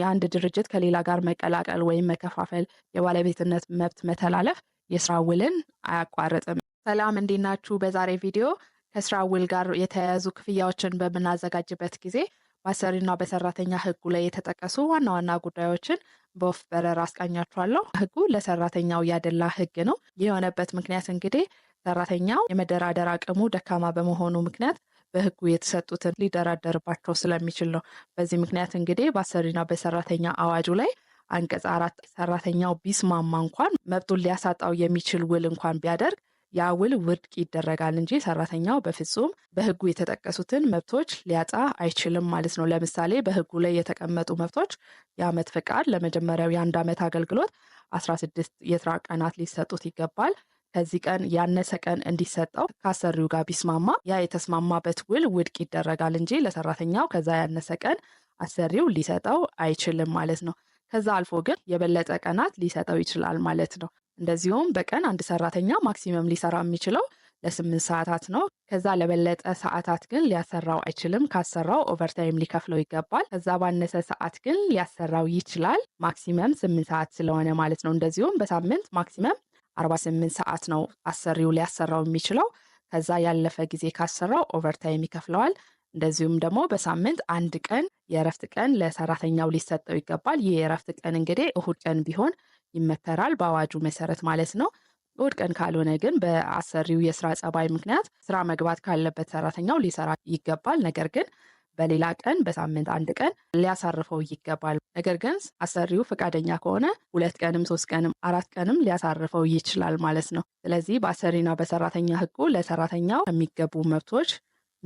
የአንድ ድርጅት ከሌላ ጋር መቀላቀል ወይም መከፋፈል፣ የባለቤትነት መብት መተላለፍ የስራ ውልን አያቋርጥም። ሰላም እንዲናችሁ በዛሬ ቪዲዮ ከስራ ውል ጋር የተያያዙ ክፍያዎችን በምናዘጋጅበት ጊዜ በአሰሪና በሰራተኛ ህጉ ላይ የተጠቀሱ ዋና ዋና ጉዳዮችን በወፍ በረር አስቃኛችኋለሁ። ህጉ ለሰራተኛው ያደላ ህግ ነው። የሆነበት ምክንያት እንግዲህ ሰራተኛው የመደራደር አቅሙ ደካማ በመሆኑ ምክንያት በህጉ የተሰጡትን ሊደራደርባቸው ስለሚችል ነው። በዚህ ምክንያት እንግዲህ በአሰሪና በሰራተኛ አዋጁ ላይ አንቀጽ አራት ሰራተኛው ቢስማማ እንኳን መብቱን ሊያሳጣው የሚችል ውል እንኳን ቢያደርግ ያ ውል ውድቅ ይደረጋል እንጂ ሰራተኛው በፍጹም በህጉ የተጠቀሱትን መብቶች ሊያጣ አይችልም ማለት ነው። ለምሳሌ በህጉ ላይ የተቀመጡ መብቶች የአመት ፈቃድ ለመጀመሪያው የአንድ ዓመት አገልግሎት 16 የስራ ቀናት ሊሰጡት ይገባል። ከዚህ ቀን ያነሰ ቀን እንዲሰጠው ከአሰሪው ጋር ቢስማማ ያ የተስማማበት ውል ውድቅ ይደረጋል እንጂ ለሰራተኛው ከዛ ያነሰ ቀን አሰሪው ሊሰጠው አይችልም ማለት ነው። ከዛ አልፎ ግን የበለጠ ቀናት ሊሰጠው ይችላል ማለት ነው። እንደዚሁም በቀን አንድ ሰራተኛ ማክሲመም ሊሰራ የሚችለው ለስምንት ሰዓታት ነው። ከዛ ለበለጠ ሰዓታት ግን ሊያሰራው አይችልም። ካሰራው ኦቨርታይም ሊከፍለው ይገባል። ከዛ ባነሰ ሰዓት ግን ሊያሰራው ይችላል። ማክሲመም ስምንት ሰዓት ስለሆነ ማለት ነው። እንደዚሁም በሳምንት ማክሲመም 48 ሰዓት ነው አሰሪው ሊያሰራው የሚችለው። ከዛ ያለፈ ጊዜ ካሰራው ኦቨርታይም ይከፍለዋል። እንደዚሁም ደግሞ በሳምንት አንድ ቀን የእረፍት ቀን ለሰራተኛው ሊሰጠው ይገባል። ይህ የእረፍት ቀን እንግዲህ እሁድ ቀን ቢሆን ይመከራል በአዋጁ መሰረት ማለት ነው። እሁድ ቀን ካልሆነ ግን በአሰሪው የስራ ጸባይ ምክንያት ስራ መግባት ካለበት ሰራተኛው ሊሰራ ይገባል። ነገር ግን በሌላ ቀን በሳምንት አንድ ቀን ሊያሳርፈው ይገባል። ነገር ግን አሰሪው ፈቃደኛ ከሆነ ሁለት ቀንም፣ ሶስት ቀንም፣ አራት ቀንም ሊያሳርፈው ይችላል ማለት ነው። ስለዚህ በአሰሪና በሰራተኛ ህጉ ለሰራተኛው የሚገቡ መብቶች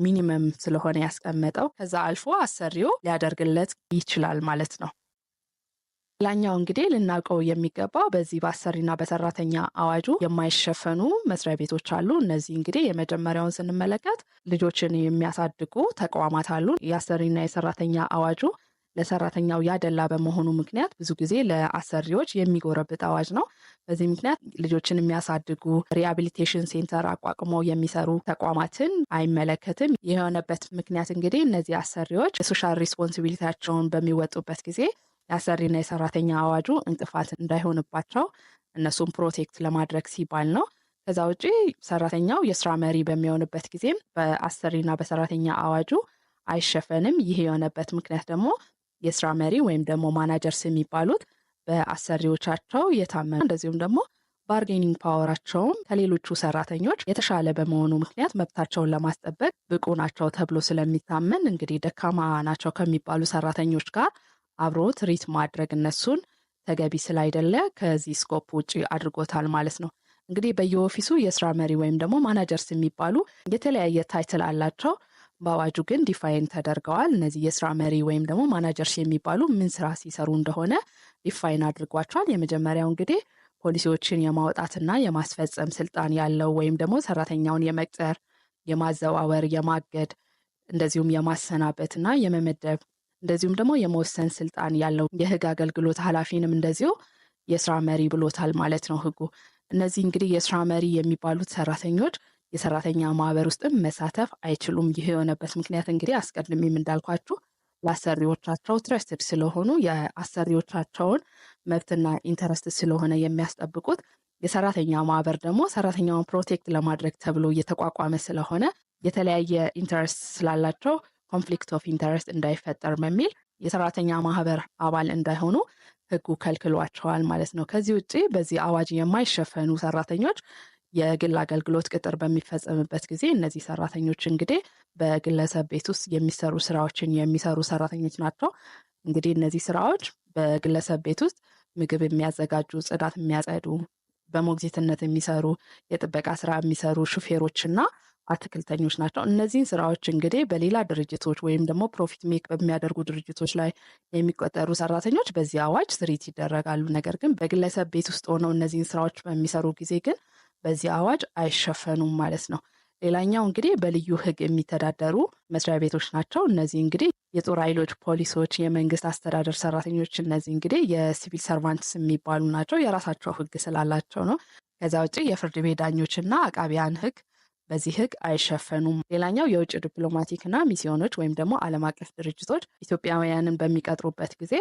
ሚኒመም ስለሆነ ያስቀመጠው ከዛ አልፎ አሰሪው ሊያደርግለት ይችላል ማለት ነው። ላኛው እንግዲህ ልናውቀው የሚገባው በዚህ በአሰሪና በሰራተኛ አዋጁ የማይሸፈኑ መስሪያ ቤቶች አሉ። እነዚህ እንግዲህ የመጀመሪያውን ስንመለከት ልጆችን የሚያሳድጉ ተቋማት አሉ። የአሰሪና የሰራተኛ አዋጁ ለሰራተኛው ያደላ በመሆኑ ምክንያት ብዙ ጊዜ ለአሰሪዎች የሚጎረብጥ አዋጅ ነው። በዚህ ምክንያት ልጆችን የሚያሳድጉ ሪሃቢሊቴሽን ሴንተር አቋቁመው የሚሰሩ ተቋማትን አይመለከትም። የሆነበት ምክንያት እንግዲህ እነዚህ አሰሪዎች የሶሻል ሪስፖንሲቢሊቲያቸውን በሚወጡበት ጊዜ የአሰሪና የሰራተኛ አዋጁ እንቅፋት እንዳይሆንባቸው እነሱን ፕሮቴክት ለማድረግ ሲባል ነው። ከዛ ውጪ ሰራተኛው የስራ መሪ በሚሆንበት ጊዜም በአሰሪና በሰራተኛ አዋጁ አይሸፈንም። ይህ የሆነበት ምክንያት ደግሞ የስራ መሪ ወይም ደግሞ ማናጀርስ የሚባሉት በአሰሪዎቻቸው የታመኑ እንደዚሁም ደግሞ ባርጌኒንግ ፓወራቸውም ከሌሎቹ ሰራተኞች የተሻለ በመሆኑ ምክንያት መብታቸውን ለማስጠበቅ ብቁ ናቸው ተብሎ ስለሚታመን እንግዲህ ደካማ ናቸው ከሚባሉ ሰራተኞች ጋር አብሮ ትሪት ማድረግ እነሱን ተገቢ ስላይደለ ከዚህ ስኮፕ ውጭ አድርጎታል ማለት ነው። እንግዲህ በየኦፊሱ የስራ መሪ ወይም ደግሞ ማናጀርስ የሚባሉ የተለያየ ታይትል አላቸው። በአዋጁ ግን ዲፋይን ተደርገዋል። እነዚህ የስራ መሪ ወይም ደግሞ ማናጀርስ የሚባሉ ምን ስራ ሲሰሩ እንደሆነ ዲፋይን አድርጓቸዋል። የመጀመሪያው እንግዲህ ፖሊሲዎችን የማውጣትና የማስፈጸም ስልጣን ያለው ወይም ደግሞ ሰራተኛውን የመቅጠር፣ የማዘዋወር፣ የማገድ እንደዚሁም የማሰናበትና የመመደብ እንደዚሁም ደግሞ የመወሰን ስልጣን ያለው የህግ አገልግሎት ኃላፊንም እንደዚሁ የስራ መሪ ብሎታል ማለት ነው ህጉ። እነዚህ እንግዲህ የስራ መሪ የሚባሉት ሰራተኞች የሰራተኛ ማህበር ውስጥም መሳተፍ አይችሉም። ይህ የሆነበት ምክንያት እንግዲህ አስቀድሜም እንዳልኳችሁ ለአሰሪዎቻቸው ትረስትድ ስለሆኑ የአሰሪዎቻቸውን መብትና ኢንተረስት ስለሆነ የሚያስጠብቁት የሰራተኛ ማህበር ደግሞ ሰራተኛውን ፕሮቴክት ለማድረግ ተብሎ እየተቋቋመ ስለሆነ የተለያየ ኢንተረስት ስላላቸው ኮንፍሊክት ኦፍ ኢንተረስት እንዳይፈጠር በሚል የሰራተኛ ማህበር አባል እንዳይሆኑ ህጉ ከልክሏቸዋል ማለት ነው። ከዚህ ውጭ በዚህ አዋጅ የማይሸፈኑ ሰራተኞች የግል አገልግሎት ቅጥር በሚፈጸምበት ጊዜ እነዚህ ሰራተኞች እንግዲህ በግለሰብ ቤት ውስጥ የሚሰሩ ስራዎችን የሚሰሩ ሰራተኞች ናቸው። እንግዲህ እነዚህ ስራዎች በግለሰብ ቤት ውስጥ ምግብ የሚያዘጋጁ፣ ጽዳት የሚያጸዱ፣ በሞግዚትነት የሚሰሩ፣ የጥበቃ ስራ የሚሰሩ ሹፌሮች እና አትክልተኞች ናቸው። እነዚህን ስራዎች እንግዲህ በሌላ ድርጅቶች ወይም ደግሞ ፕሮፊት ሜክ በሚያደርጉ ድርጅቶች ላይ የሚቆጠሩ ሰራተኞች በዚህ አዋጅ ስሪት ይደረጋሉ። ነገር ግን በግለሰብ ቤት ውስጥ ሆነው እነዚህን ስራዎች በሚሰሩ ጊዜ ግን በዚህ አዋጅ አይሸፈኑም ማለት ነው። ሌላኛው እንግዲህ በልዩ ህግ የሚተዳደሩ መስሪያ ቤቶች ናቸው። እነዚህ እንግዲህ የጦር ኃይሎች፣ ፖሊሶች፣ የመንግስት አስተዳደር ሰራተኞች እነዚህ እንግዲህ የሲቪል ሰርቫንትስ የሚባሉ ናቸው። የራሳቸው ህግ ስላላቸው ነው። ከዛ ውጭ የፍርድ ቤት ዳኞችና አቃቢያን ህግ። በዚህ ህግ አይሸፈኑም። ሌላኛው የውጭ ዲፕሎማቲክና ሚስዮኖች ወይም ደግሞ ዓለም አቀፍ ድርጅቶች ኢትዮጵያውያንን በሚቀጥሩበት ጊዜ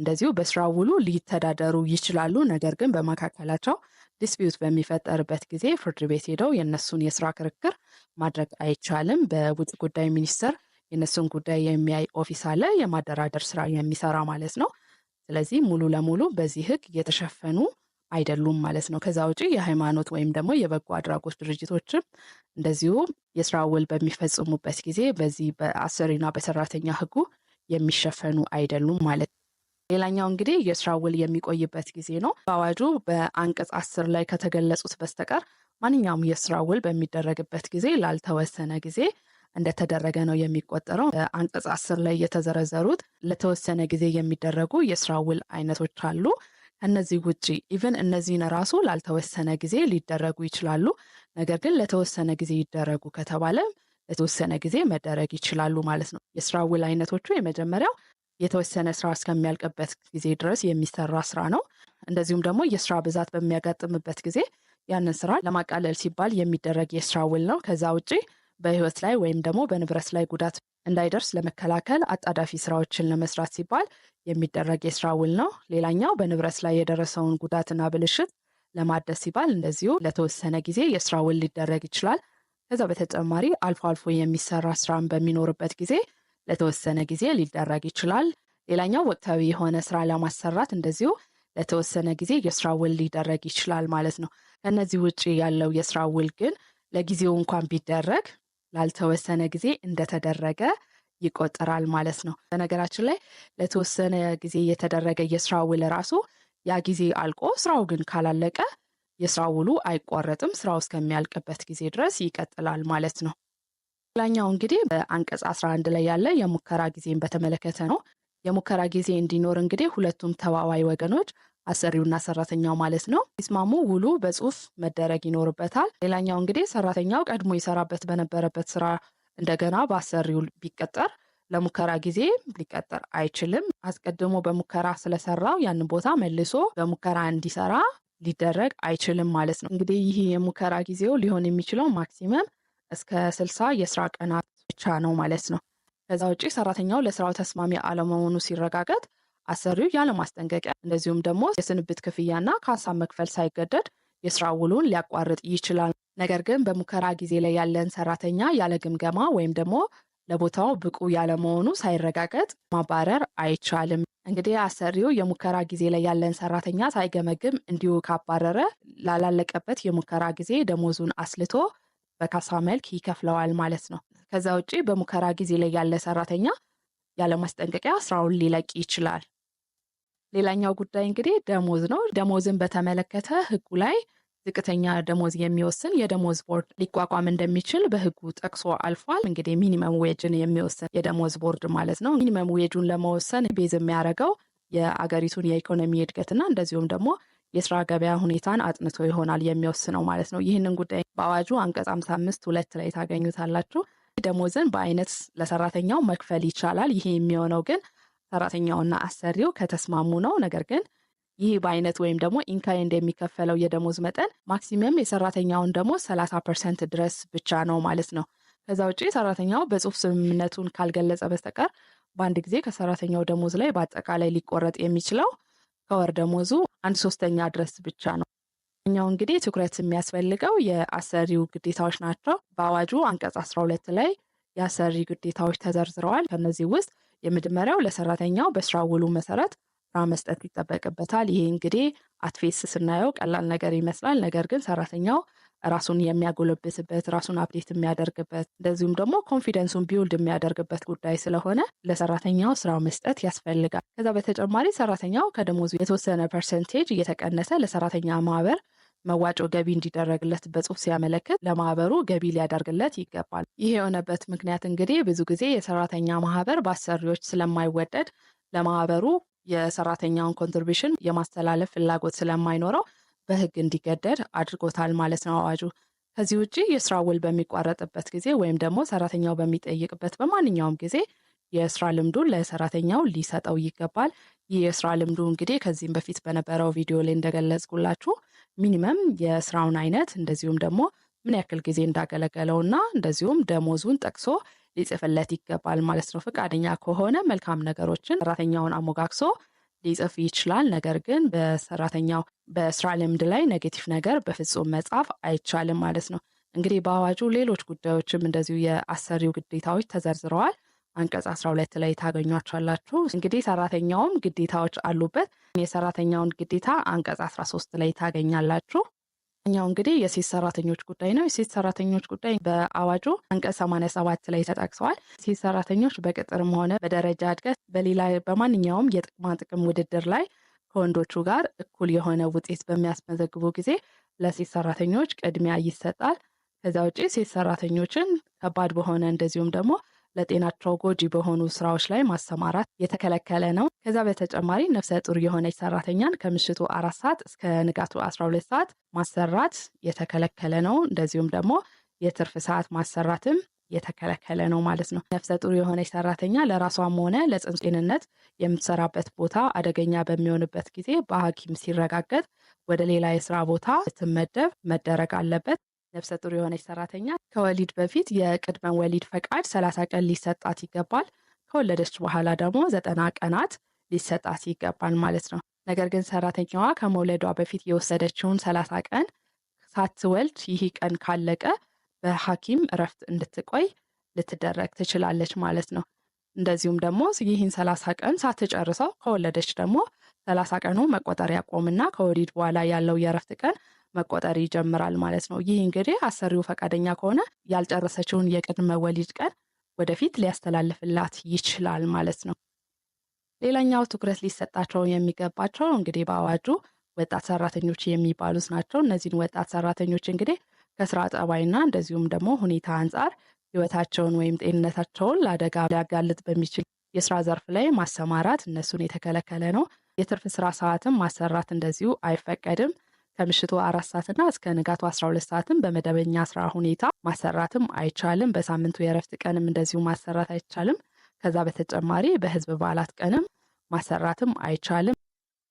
እንደዚሁ በስራ ውሉ ሊተዳደሩ ይችላሉ። ነገር ግን በመካከላቸው ዲስፒዩት በሚፈጠርበት ጊዜ ፍርድ ቤት ሄደው የእነሱን የስራ ክርክር ማድረግ አይቻልም። በውጭ ጉዳይ ሚኒስቴር የእነሱን ጉዳይ የሚያይ ኦፊስ አለ፣ የማደራደር ስራ የሚሰራ ማለት ነው። ስለዚህ ሙሉ ለሙሉ በዚህ ህግ እየተሸፈኑ። አይደሉም ማለት ነው። ከዛ ውጪ የሃይማኖት ወይም ደግሞ የበጎ አድራጎት ድርጅቶችም እንደዚሁ የስራ ውል በሚፈጽሙበት ጊዜ በዚህ በአሰሪና በሰራተኛ ህጉ የሚሸፈኑ አይደሉም ማለት ነው። ሌላኛው እንግዲህ የስራ ውል የሚቆይበት ጊዜ ነው። በአዋጁ በአንቀጽ አስር ላይ ከተገለጹት በስተቀር ማንኛውም የስራ ውል በሚደረግበት ጊዜ ላልተወሰነ ጊዜ እንደተደረገ ነው የሚቆጠረው። አንቀጽ አስር ላይ የተዘረዘሩት ለተወሰነ ጊዜ የሚደረጉ የስራ ውል አይነቶች አሉ። እነዚህ ውጪ ኢቨን እነዚህን ራሱ ላልተወሰነ ጊዜ ሊደረጉ ይችላሉ። ነገር ግን ለተወሰነ ጊዜ ይደረጉ ከተባለ ለተወሰነ ጊዜ መደረግ ይችላሉ ማለት ነው። የስራ ውል አይነቶቹ የመጀመሪያው የተወሰነ ስራ እስከሚያልቅበት ጊዜ ድረስ የሚሰራ ስራ ነው። እንደዚሁም ደግሞ የስራ ብዛት በሚያጋጥምበት ጊዜ ያንን ስራ ለማቃለል ሲባል የሚደረግ የስራ ውል ነው። ከዛ ውጪ በህይወት ላይ ወይም ደግሞ በንብረት ላይ ጉዳት እንዳይደርስ ለመከላከል አጣዳፊ ስራዎችን ለመስራት ሲባል የሚደረግ የስራ ውል ነው። ሌላኛው በንብረት ላይ የደረሰውን ጉዳትና ብልሽት ለማደስ ሲባል እንደዚሁ ለተወሰነ ጊዜ የስራ ውል ሊደረግ ይችላል። ከዛ በተጨማሪ አልፎ አልፎ የሚሰራ ስራን በሚኖርበት ጊዜ ለተወሰነ ጊዜ ሊደረግ ይችላል። ሌላኛው ወቅታዊ የሆነ ስራ ለማሰራት እንደዚሁ ለተወሰነ ጊዜ የስራ ውል ሊደረግ ይችላል ማለት ነው። ከእነዚህ ውጭ ያለው የስራ ውል ግን ለጊዜው እንኳን ቢደረግ ላልተወሰነ ጊዜ እንደተደረገ ይቆጠራል ማለት ነው። በነገራችን ላይ ለተወሰነ ጊዜ የተደረገ የስራ ውል ራሱ ያ ጊዜ አልቆ ስራው ግን ካላለቀ የስራ ውሉ አይቋረጥም፣ ስራው እስከሚያልቅበት ጊዜ ድረስ ይቀጥላል ማለት ነው። ሌላኛው እንግዲህ በአንቀጽ 11 ላይ ያለ የሙከራ ጊዜን በተመለከተ ነው። የሙከራ ጊዜ እንዲኖር እንግዲህ ሁለቱም ተዋዋይ ወገኖች አሰሪውና ሰራተኛው ማለት ነው ሲስማሙ ውሉ በጽሁፍ መደረግ ይኖርበታል። ሌላኛው እንግዲህ ሰራተኛው ቀድሞ ይሰራበት በነበረበት ስራ እንደገና በአሰሪው ቢቀጠር ለሙከራ ጊዜ ሊቀጠር አይችልም። አስቀድሞ በሙከራ ስለሰራው ያንን ቦታ መልሶ በሙከራ እንዲሰራ ሊደረግ አይችልም ማለት ነው። እንግዲህ ይህ የሙከራ ጊዜው ሊሆን የሚችለው ማክሲመም እስከ ስልሳ የስራ ቀናት ብቻ ነው ማለት ነው። ከዛ ውጪ ሰራተኛው ለስራው ተስማሚ አለመሆኑ ሲረጋገጥ አሰሪው ያለማስጠንቀቂያ እንደዚሁም ደግሞ የስንብት ክፍያና ካሳ መክፈል ሳይገደድ የስራ ውሉን ሊያቋርጥ ይችላል። ነገር ግን በሙከራ ጊዜ ላይ ያለን ሰራተኛ ያለ ግምገማ ወይም ደግሞ ለቦታው ብቁ ያለመሆኑ ሳይረጋገጥ ማባረር አይቻልም። እንግዲህ አሰሪው የሙከራ ጊዜ ላይ ያለን ሰራተኛ ሳይገመግም እንዲሁ ካባረረ ላላለቀበት የሙከራ ጊዜ ደሞዙን አስልቶ በካሳ መልክ ይከፍለዋል ማለት ነው። ከዛ ውጪ በሙከራ ጊዜ ላይ ያለ ሰራተኛ ያለማስጠንቀቂያ ስራውን ሊለቅ ይችላል። ሌላኛው ጉዳይ እንግዲህ ደሞዝ ነው። ደሞዝን በተመለከተ ህጉ ላይ ዝቅተኛ ደሞዝ የሚወስን የደሞዝ ቦርድ ሊቋቋም እንደሚችል በህጉ ጠቅሶ አልፏል። እንግዲህ ሚኒመም ዌጅን የሚወስን የደሞዝ ቦርድ ማለት ነው። ሚኒመም ዌጁን ለመወሰን ቤዝ የሚያደርገው የአገሪቱን የኢኮኖሚ እድገትና እንደዚሁም ደግሞ የስራ ገበያ ሁኔታን አጥንቶ ይሆናል የሚወስነው ማለት ነው። ይህንን ጉዳይ በአዋጁ አንቀጽ አምሳ አምስት ሁለት ላይ ታገኙታላችሁ። ደሞዝን በአይነት ለሰራተኛው መክፈል ይቻላል። ይሄ የሚሆነው ግን ሰራተኛውና አሰሪው ከተስማሙ ነው። ነገር ግን ይህ በአይነት ወይም ደግሞ ኢንካይንድ የሚከፈለው የደሞዝ መጠን ማክሲመም የሰራተኛውን ደሞዝ 30 ፐርሰንት ድረስ ብቻ ነው ማለት ነው። ከዛ ውጪ ሰራተኛው በጽሁፍ ስምምነቱን ካልገለጸ በስተቀር በአንድ ጊዜ ከሰራተኛው ደሞዝ ላይ በአጠቃላይ ሊቆረጥ የሚችለው ከወር ደሞዙ አንድ ሶስተኛ ድረስ ብቻ ነው። ኛው እንግዲህ ትኩረት የሚያስፈልገው የአሰሪው ግዴታዎች ናቸው። በአዋጁ አንቀጽ 12 ላይ የአሰሪ ግዴታዎች ተዘርዝረዋል። ከነዚህ ውስጥ የመጀመሪያው ለሰራተኛው በስራ ውሉ መሰረት ስራ መስጠት ይጠበቅበታል። ይሄ እንግዲህ አትፌስ ስናየው ቀላል ነገር ይመስላል። ነገር ግን ሰራተኛው ራሱን የሚያጎለብትበት ራሱን አፕዴት የሚያደርግበት እንደዚሁም ደግሞ ኮንፊደንሱን ቢውልድ የሚያደርግበት ጉዳይ ስለሆነ ለሰራተኛው ስራ መስጠት ያስፈልጋል። ከዛ በተጨማሪ ሰራተኛው ከደሞዙ የተወሰነ ፐርሰንቴጅ እየተቀነሰ ለሰራተኛ ማህበር መዋጮ ገቢ እንዲደረግለት በጽሁፍ ሲያመለክት ለማህበሩ ገቢ ሊያደርግለት ይገባል። ይህ የሆነበት ምክንያት እንግዲህ ብዙ ጊዜ የሰራተኛ ማህበር በአሰሪዎች ስለማይወደድ ለማህበሩ የሰራተኛውን ኮንትሪቢሽን የማስተላለፍ ፍላጎት ስለማይኖረው በህግ እንዲገደድ አድርጎታል ማለት ነው አዋጁ። ከዚህ ውጭ የስራ ውል በሚቋረጥበት ጊዜ ወይም ደግሞ ሰራተኛው በሚጠይቅበት በማንኛውም ጊዜ የስራ ልምዱ ለሰራተኛው ሊሰጠው ይገባል። ይህ የስራ ልምዱ እንግዲህ ከዚህም በፊት በነበረው ቪዲዮ ላይ እንደገለጽኩላችሁ ሚኒመም የስራውን አይነት እንደዚሁም ደግሞ ምን ያክል ጊዜ እንዳገለገለው እና እንደዚሁም ደሞዙን ጠቅሶ ሊጽፍለት ይገባል ማለት ነው። ፈቃደኛ ከሆነ መልካም ነገሮችን ሰራተኛውን አሞጋግሶ ሊጽፍ ይችላል። ነገር ግን በሰራተኛው በስራ ልምድ ላይ ኔጌቲቭ ነገር በፍጹም መጻፍ አይቻልም ማለት ነው። እንግዲህ በአዋጁ ሌሎች ጉዳዮችም እንደዚሁ የአሰሪው ግዴታዎች ተዘርዝረዋል። አንቀጽ 12 ላይ ታገኟቸዋላችሁ። እንግዲህ ሰራተኛውም ግዴታዎች አሉበት። የሰራተኛውን ግዴታ አንቀጽ 13 ላይ ታገኛላችሁ። ኛው እንግዲህ የሴት ሰራተኞች ጉዳይ ነው። የሴት ሰራተኞች ጉዳይ በአዋጁ አንቀጽ 87 ላይ ተጠቅሰዋል። ሴት ሰራተኞች በቅጥርም ሆነ በደረጃ እድገት፣ በሌላ በማንኛውም የጥቅማ ጥቅም ውድድር ላይ ከወንዶቹ ጋር እኩል የሆነ ውጤት በሚያስመዘግቡ ጊዜ ለሴት ሰራተኞች ቅድሚያ ይሰጣል። ከዚያ ውጭ ሴት ሰራተኞችን ከባድ በሆነ እንደዚሁም ደግሞ ለጤናቸው ጎጂ በሆኑ ስራዎች ላይ ማሰማራት የተከለከለ ነው። ከዛ በተጨማሪ ነፍሰ ጡር የሆነች ሰራተኛን ከምሽቱ አራት ሰዓት እስከ ንጋቱ 12 ሰዓት ማሰራት የተከለከለ ነው። እንደዚሁም ደግሞ የትርፍ ሰዓት ማሰራትም የተከለከለ ነው ማለት ነው። ነፍሰ ጡር የሆነች ሰራተኛ ለራሷም ሆነ ለጽንሱ ጤንነት የምትሰራበት ቦታ አደገኛ በሚሆንበት ጊዜ በሐኪም ሲረጋገጥ ወደ ሌላ የስራ ቦታ ስትመደብ መደረግ አለበት። ነፍሰ ጡር የሆነች ሰራተኛ ከወሊድ በፊት የቅድመ ወሊድ ፈቃድ ሰላሳ ቀን ሊሰጣት ይገባል። ከወለደች በኋላ ደግሞ ዘጠና ቀናት ሊሰጣት ይገባል ማለት ነው። ነገር ግን ሰራተኛዋ ከመውለዷ በፊት የወሰደችውን ሰላሳ ቀን ሳትወልድ ይህ ቀን ካለቀ በሐኪም እረፍት እንድትቆይ ልትደረግ ትችላለች ማለት ነው። እንደዚሁም ደግሞ ይህን ሰላሳ ቀን ሳትጨርሰው ከወለደች ደግሞ ሰላሳ ቀኑ መቆጠር ያቆምና ከወሊድ በኋላ ያለው የእረፍት ቀን መቆጠር ይጀምራል ማለት ነው። ይህ እንግዲህ አሰሪው ፈቃደኛ ከሆነ ያልጨረሰችውን የቅድመ ወሊድ ቀን ወደፊት ሊያስተላልፍላት ይችላል ማለት ነው። ሌላኛው ትኩረት ሊሰጣቸው የሚገባቸው እንግዲህ በአዋጁ ወጣት ሰራተኞች የሚባሉት ናቸው። እነዚህን ወጣት ሰራተኞች እንግዲህ ከስራ ጠባይና እንደዚሁም ደግሞ ሁኔታ አንጻር ህይወታቸውን ወይም ጤንነታቸውን ለአደጋ ሊያጋልጥ በሚችል የስራ ዘርፍ ላይ ማሰማራት እነሱን የተከለከለ ነው። የትርፍ ስራ ሰዓትም ማሰራት እንደዚሁ አይፈቀድም። ከምሽቱ አራት ሰዓትና እስከ ንጋቱ 12 ሰዓትም በመደበኛ ስራ ሁኔታ ማሰራትም አይቻልም። በሳምንቱ የእረፍት ቀንም እንደዚሁ ማሰራት አይቻልም። ከዛ በተጨማሪ በህዝብ በዓላት ቀንም ማሰራትም አይቻልም።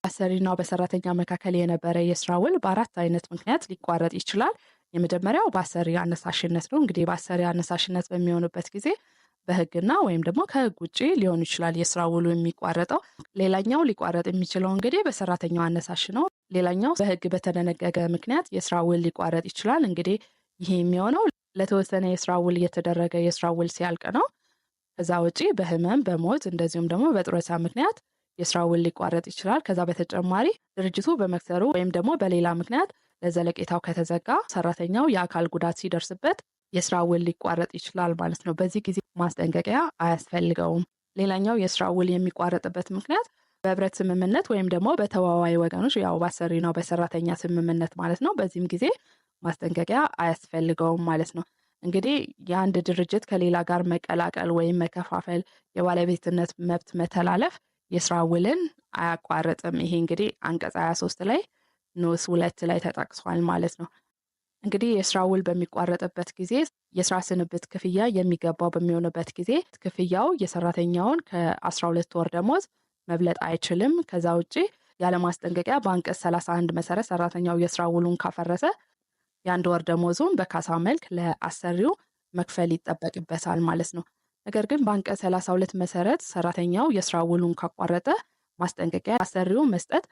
በአሰሪና በሰራተኛ መካከል የነበረ የስራ ውል በአራት አይነት ምክንያት ሊቋረጥ ይችላል። የመጀመሪያው በአሰሪ አነሳሽነት ነው። እንግዲህ በአሰሪ አነሳሽነት በሚሆንበት ጊዜ በህግና ወይም ደግሞ ከህግ ውጭ ሊሆን ይችላል የስራ ውሉ የሚቋረጠው። ሌላኛው ሊቋረጥ የሚችለው እንግዲህ በሰራተኛው አነሳሽ ነው። ሌላኛው በህግ በተደነገገ ምክንያት የስራ ውል ሊቋረጥ ይችላል። እንግዲህ ይሄ የሚሆነው ለተወሰነ የስራ ውል የተደረገ የስራ ውል ሲያልቅ ነው። ከዛ ውጪ በህመም፣ በሞት እንደዚሁም ደግሞ በጡረታ ምክንያት የስራ ውል ሊቋረጥ ይችላል። ከዛ በተጨማሪ ድርጅቱ በመክሰሩ ወይም ደግሞ በሌላ ምክንያት ለዘለቄታው ከተዘጋ ሰራተኛው የአካል ጉዳት ሲደርስበት የስራ ውል ሊቋረጥ ይችላል ማለት ነው። በዚህ ጊዜ ማስጠንቀቂያ አያስፈልገውም። ሌላኛው የስራ ውል የሚቋረጥበት ምክንያት በህብረት ስምምነት ወይም ደግሞ በተዋዋይ ወገኖች ያው ነው በሰራተኛ ስምምነት ማለት ነው። በዚህም ጊዜ ማስጠንቀቂያ አያስፈልገውም ማለት ነው። እንግዲህ የአንድ ድርጅት ከሌላ ጋር መቀላቀል ወይም መከፋፈል፣ የባለቤትነት መብት መተላለፍ የስራ ውልን አያቋርጥም። ይሄ እንግዲህ አንቀጽ 23 ላይ ንዑስ ሁለት ላይ ተጠቅሷል ማለት ነው። እንግዲህ የስራ ውል በሚቋረጥበት ጊዜ የስራ ስንብት ክፍያ የሚገባው በሚሆንበት ጊዜ ክፍያው የሰራተኛውን ከአስራ ሁለት ወር ደሞዝ መብለጥ አይችልም። ከዛ ውጭ ያለማስጠንቀቂያ በአንቀጽ ሰላሳ አንድ መሰረት ሰራተኛው የስራ ውሉን ካፈረሰ የአንድ ወር ደሞዙን በካሳ መልክ ለአሰሪው መክፈል ይጠበቅበታል ማለት ነው። ነገር ግን በአንቀጽ ሰላሳ ሁለት መሰረት ሰራተኛው የስራ ውሉን ካቋረጠ ማስጠንቀቂያ አሰሪው መስጠት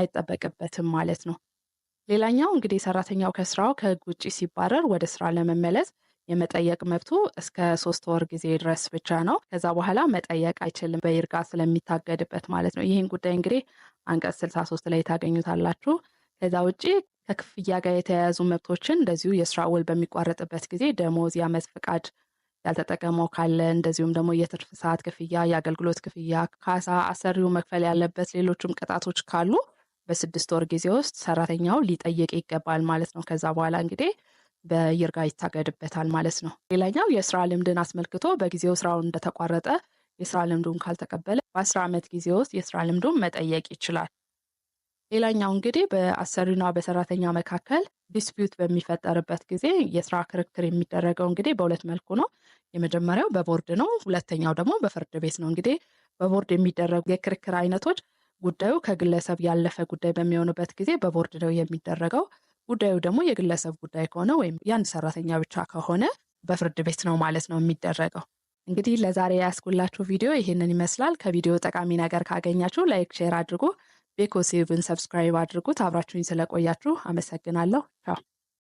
አይጠበቅበትም ማለት ነው። ሌላኛው እንግዲህ ሰራተኛው ከስራው ከህግ ውጭ ሲባረር ወደ ስራ ለመመለስ የመጠየቅ መብቱ እስከ ሶስት ወር ጊዜ ድረስ ብቻ ነው። ከዛ በኋላ መጠየቅ አይችልም በይርጋ ስለሚታገድበት ማለት ነው። ይህን ጉዳይ እንግዲህ አንቀጽ ስልሳ ሶስት ላይ ታገኙታላችሁ። ከዛ ውጭ ከክፍያ ጋር የተያያዙ መብቶችን እንደዚሁ የስራ ውል በሚቋረጥበት ጊዜ ደሞዝ፣ የአመት ፍቃድ ያልተጠቀመው ካለ እንደዚሁም ደግሞ የትርፍ ሰዓት ክፍያ፣ የአገልግሎት ክፍያ፣ ካሳ፣ አሰሪው መክፈል ያለበት ሌሎችም ቅጣቶች ካሉ በስድስት ወር ጊዜ ውስጥ ሰራተኛው ሊጠየቅ ይገባል ማለት ነው። ከዛ በኋላ እንግዲህ በይርጋ ይታገድበታል ማለት ነው። ሌላኛው የስራ ልምድን አስመልክቶ በጊዜው ስራውን እንደተቋረጠ የስራ ልምዱን ካልተቀበለ በአስራ ዓመት ጊዜ ውስጥ የስራ ልምዱን መጠየቅ ይችላል። ሌላኛው እንግዲህ በአሰሪና በሰራተኛ መካከል ዲስፒዩት በሚፈጠርበት ጊዜ የስራ ክርክር የሚደረገው እንግዲህ በሁለት መልኩ ነው። የመጀመሪያው በቦርድ ነው። ሁለተኛው ደግሞ በፍርድ ቤት ነው። እንግዲህ በቦርድ የሚደረጉ የክርክር አይነቶች ጉዳዩ ከግለሰብ ያለፈ ጉዳይ በሚሆንበት ጊዜ በቦርድ ነው የሚደረገው። ጉዳዩ ደግሞ የግለሰብ ጉዳይ ከሆነ ወይም የአንድ ሰራተኛ ብቻ ከሆነ በፍርድ ቤት ነው ማለት ነው የሚደረገው። እንግዲህ ለዛሬ ያስኩላችሁ ቪዲዮ ይህንን ይመስላል። ከቪዲዮ ጠቃሚ ነገር ካገኛችሁ ላይክ፣ ሼር አድርጉ። ቤኮሲቭን ሰብስክራይብ አድርጉት። አብራችሁኝ ስለቆያችሁ አመሰግናለሁ። ቻው